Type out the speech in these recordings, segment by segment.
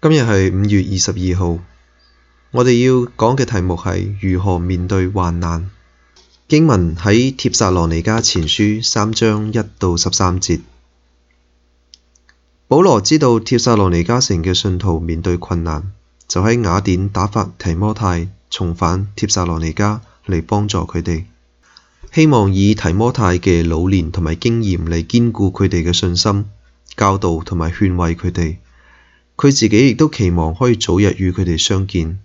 今日係五月二十二號，我哋要講嘅題目係如何面對患難。經文喺帖撒羅尼迦前書三章一到十三節。保羅知道帖撒羅尼迦城嘅信徒面對困難，就喺雅典打發提摩太重返帖撒羅尼迦嚟幫助佢哋，希望以提摩太嘅老年同埋經驗嚟堅固佢哋嘅信心，教導同埋勸慰佢哋。佢自己亦都期望可以早日與佢哋相見。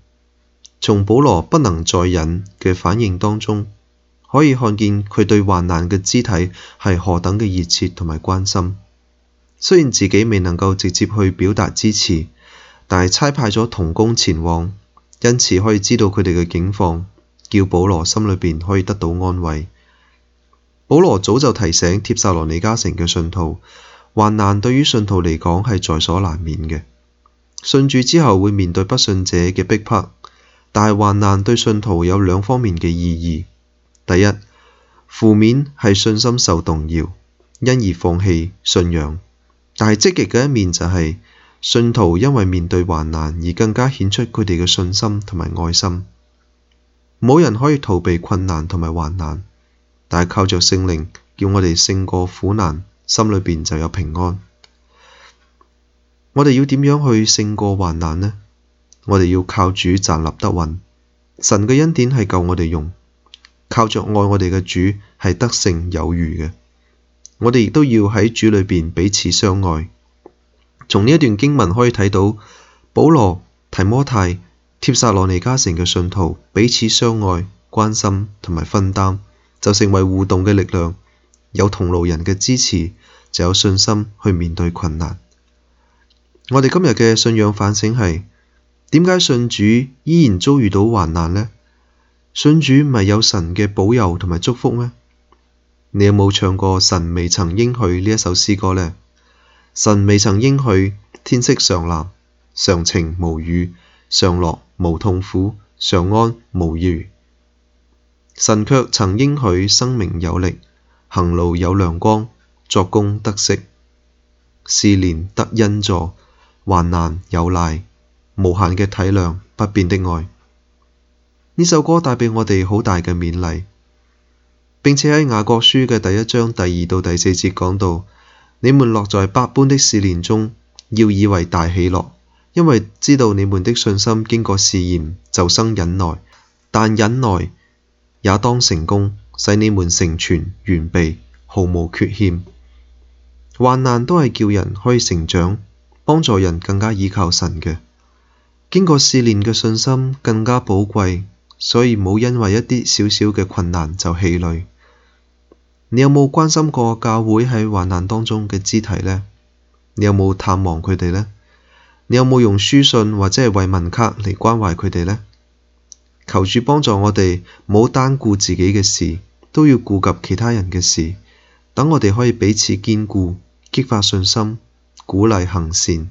從保羅不能再忍嘅反應當中，可以看見佢對患難嘅肢體係何等嘅熱切同埋關心。雖然自己未能夠直接去表達支持，但係差派咗同工前往，因此可以知道佢哋嘅境況，叫保羅心裏邊可以得到安慰。保羅早就提醒帖撒羅尼迦城嘅信徒，患難對於信徒嚟講係在所難免嘅。信主之後會面對不信者嘅逼迫，但係患難對信徒有兩方面嘅意義。第一，負面係信心受動搖，因而放棄信仰。但係積極嘅一面就係、是，信徒因為面對患難而更加顯出佢哋嘅信心同埋愛心。冇人可以逃避困難同埋患難，但係靠着聖靈，叫我哋勝過苦難，心裏面就有平安。我哋要點樣去勝過患難呢？我哋要靠主站立得穩，神嘅恩典係夠我哋用，靠着愛我哋嘅主係得勝有餘嘅。我哋亦都要喺主裏邊彼此相愛。從呢一段經文可以睇到，保羅、提摩太、帖撒羅尼迦城嘅信徒彼此相愛、關心同埋分擔，就成為互動嘅力量。有同路人嘅支持，就有信心去面對困難。我哋今日嘅信仰反省係點解信主依然遭遇到患難呢？信主咪有神嘅保佑同埋祝福咩？你有冇唱過《神未曾應許》呢一首詩歌呢？神未曾應許天色常藍，常晴無雨，常樂無痛苦，常安無虞。神卻曾應許生命有力，行路有亮光，作工得息，試煉得恩助。患難有賴無限嘅體諒，不變的愛。呢首歌帶畀我哋好大嘅勉勵，並且喺雅各書嘅第一章第二到第四節講到：你們落在百般的試煉中，要以為大喜樂，因為知道你們的信心經過試驗，就生忍耐。但忍耐也當成功，使你們成全完備，毫無缺欠。患難都係叫人可以成長。幫助人更加倚靠神嘅，經過試煉嘅信心更加寶貴，所以冇因為一啲少少嘅困難就氣餒。你有冇關心過教會喺患難當中嘅肢體呢？你有冇探望佢哋呢？你有冇用書信或者係慰問卡嚟關懷佢哋呢？求主幫助我哋，唔好單顧自己嘅事，都要顧及其他人嘅事，等我哋可以彼此堅固，激發信心。鼓勵行善。